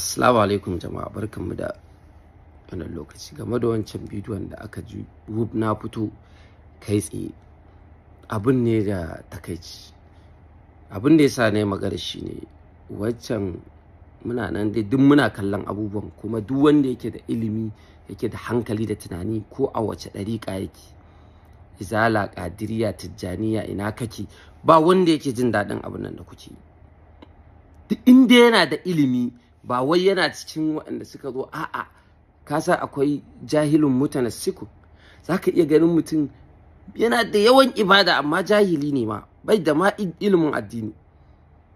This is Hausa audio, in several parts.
assalamu alaikum jama'a barkanmu da wannan lokaci game da wancan bidiyon da aka ji na fito kai tsaye abin ne da takaici abin da yasa na magana shi ne waccan muna nan dai duk muna kallon abubuwan kuma duk wanda yake da ilimi yake da hankali da tunani ko a wace ɗariƙa yake izala ƙadiriya tijjaniya ina kake ba wanda yake jin daɗin abin nan da kuke duk inda yana da ilimi ba wai yana cikin waɗanda suka zo a'a ka akwai jahilin mutane siku za ka iya ganin mutum yana da yawan ibada amma jahili ne ma bai da ma ilimin addini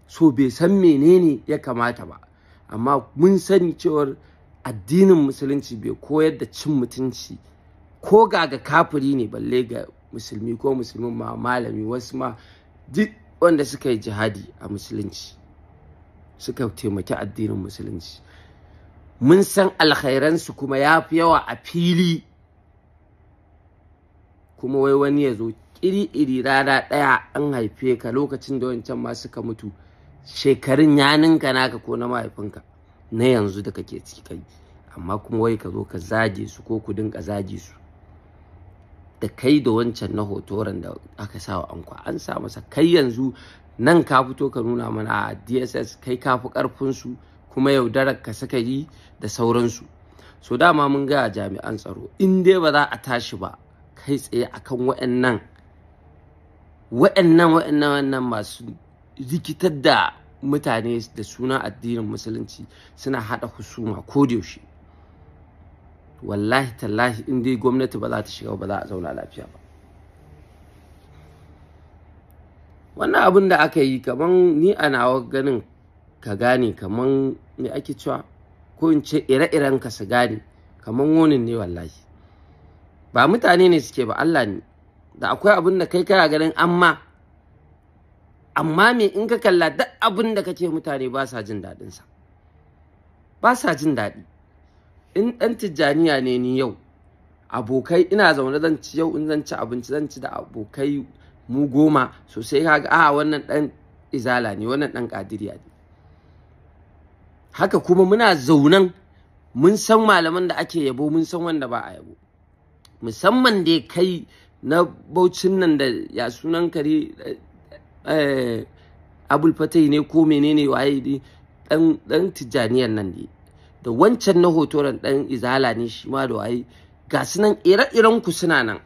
so bai san menene ya kamata ba amma mun sani cewar addinin musulunci bai koyar da cin mutunci ko ga ga kafiri ne balle ga musulmi ko musulmin ma malami wasu ma duk wanda suka yi jihadi a musulunci suka taimaki addinin musulunci mun san alkhairansu kuma ya fi yawa a fili kuma wai wani ya zo iri-iri rana ɗaya an haife ka lokacin da wancan ma suka mutu shekarun ya ninka naka ko na mahaifinka na yanzu da kake ciki kai amma kuma wai ka zo ka zage su ko ku dinka zage su da kai da wancan na hotoran da aka sa wa anko an sa masa kai yanzu nan ka fito ka nuna mana a dss kai ka fi karfinsu kuma yaudarar ka saka yi da sauransu so dama mun ga jami'an tsaro in dai ba za a tashi ba kai tsaye akan wa'annan wa'annan wa'annan wa'annan masu rikitar da mutane da suna addinin musulunci suna haɗa husuma ko da yaushe wallahi tallahi in dai gwamnati ba za ta shiga ba za a zauna lafiya ba wannan abin da aka yi kaman ni a nawa ganin ka gane kaman me ake cewa ko in ce ire-iren ka su gane kaman wonin ne wallahi ba mutane ne suke ba Allah ne da akwai abin da kai kana ganin amma amma me in ka kalla duk abin da kake mutane ba sa jin daɗinsa ba sa jin daɗi in ɗan tijjaniya ne ni yau abokai ina zaune zan ci yau in zan ci abinci zan ci da abokai mu goma sosai kaga a wannan ɗan izala ne wannan ɗan ƙadiriya ne haka kuma muna zaunan mun san malaman da ake yabo mun san wanda ba a yabo musamman da kai na baucin nan da ya sunan kare eh, abul ne ko menene waye dan tijjaniyan nan ne da wancan na hotoran ɗan izala ne shi ma da waye ga su nan ire-iren ku suna nan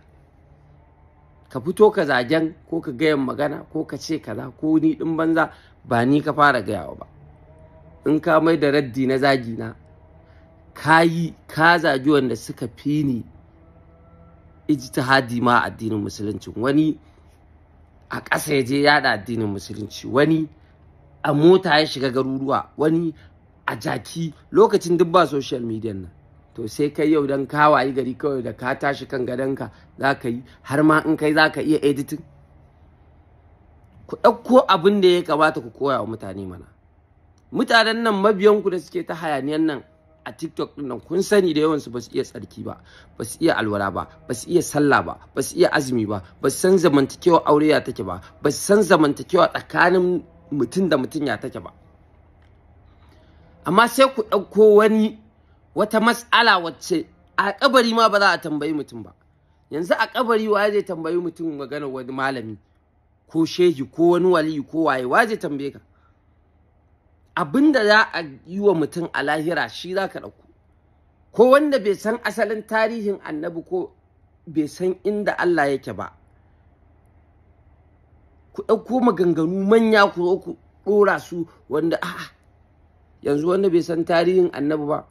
ka fito ka zagen ko ka gayan magana ko ka ce kaza ko ni din banza ba ni ka fara gayawa ba in ka mai da raddi na zagi na ka yi ka zagi wanda suka fi ni ijtihadi ma addinin musulunci wani a ƙasa ya je yada addinin musulunci wani a mota ya shiga garuruwa wani a jaki lokacin duk ba social media nan to sai kai yau dan ka wayi gari kawai da ka tashi kan gadonka za ka yi har ma in kai za ka iya editing ku ɗauko abin da ya kamata ku koya wa mutane mana mutanen nan mabiyanku da suke ta hayaniyan nan a tiktok ɗin nan kun sani da yawansu ba su iya tsarki ba ba su iya alwara ba ba su iya sallah ba ba su iya azumi ba ba su san zamantakewa aure ya take ba ba su san zamantakewa tsakanin mutum da mutum ya take ba amma sai ku ɗauko wani wata matsala wacce a kabari ma ba za a tambayi mutum ba yanzu a kabari wa zai tambayi mutum magana wani malami ko shehi ko wani wali ko waye wa zai tambaye ka abin da za a yi wa mutum a lahira shi za ka ɗauko ko wanda bai san asalin tarihin annabi ko bai san inda Allah yake ba ku ɗauko maganganu manya ku zo ku ɗora su wanda a'a yanzu wanda bai san tarihin annabi ba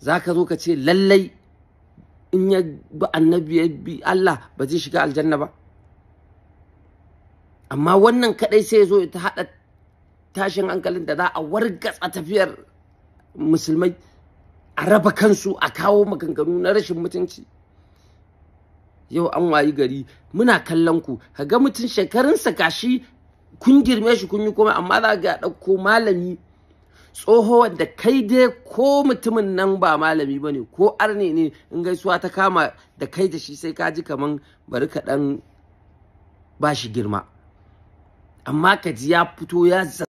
za ka zo ka ce lallai in ya bi annabi ya bi Allah ba zai shiga aljanna ba amma wannan kadai sai zo ta haɗa tashin hankalin da za a wargatsa tafiyar musulmai a raba kansu a kawo maganganu na rashin mutunci yau an wayi gari muna kallon ku ka ga mutum shekarunsa gashi kun girme shi kun yi komai amma za ga ɗauko malami tsoho wanda kai dai ko mutumin nan ba malami ba ne ko arne ne in gaisuwa ta kama da kai da shi sai ka ji kaman bari ka ɗan ba shi girma amma ka ji ya fito ya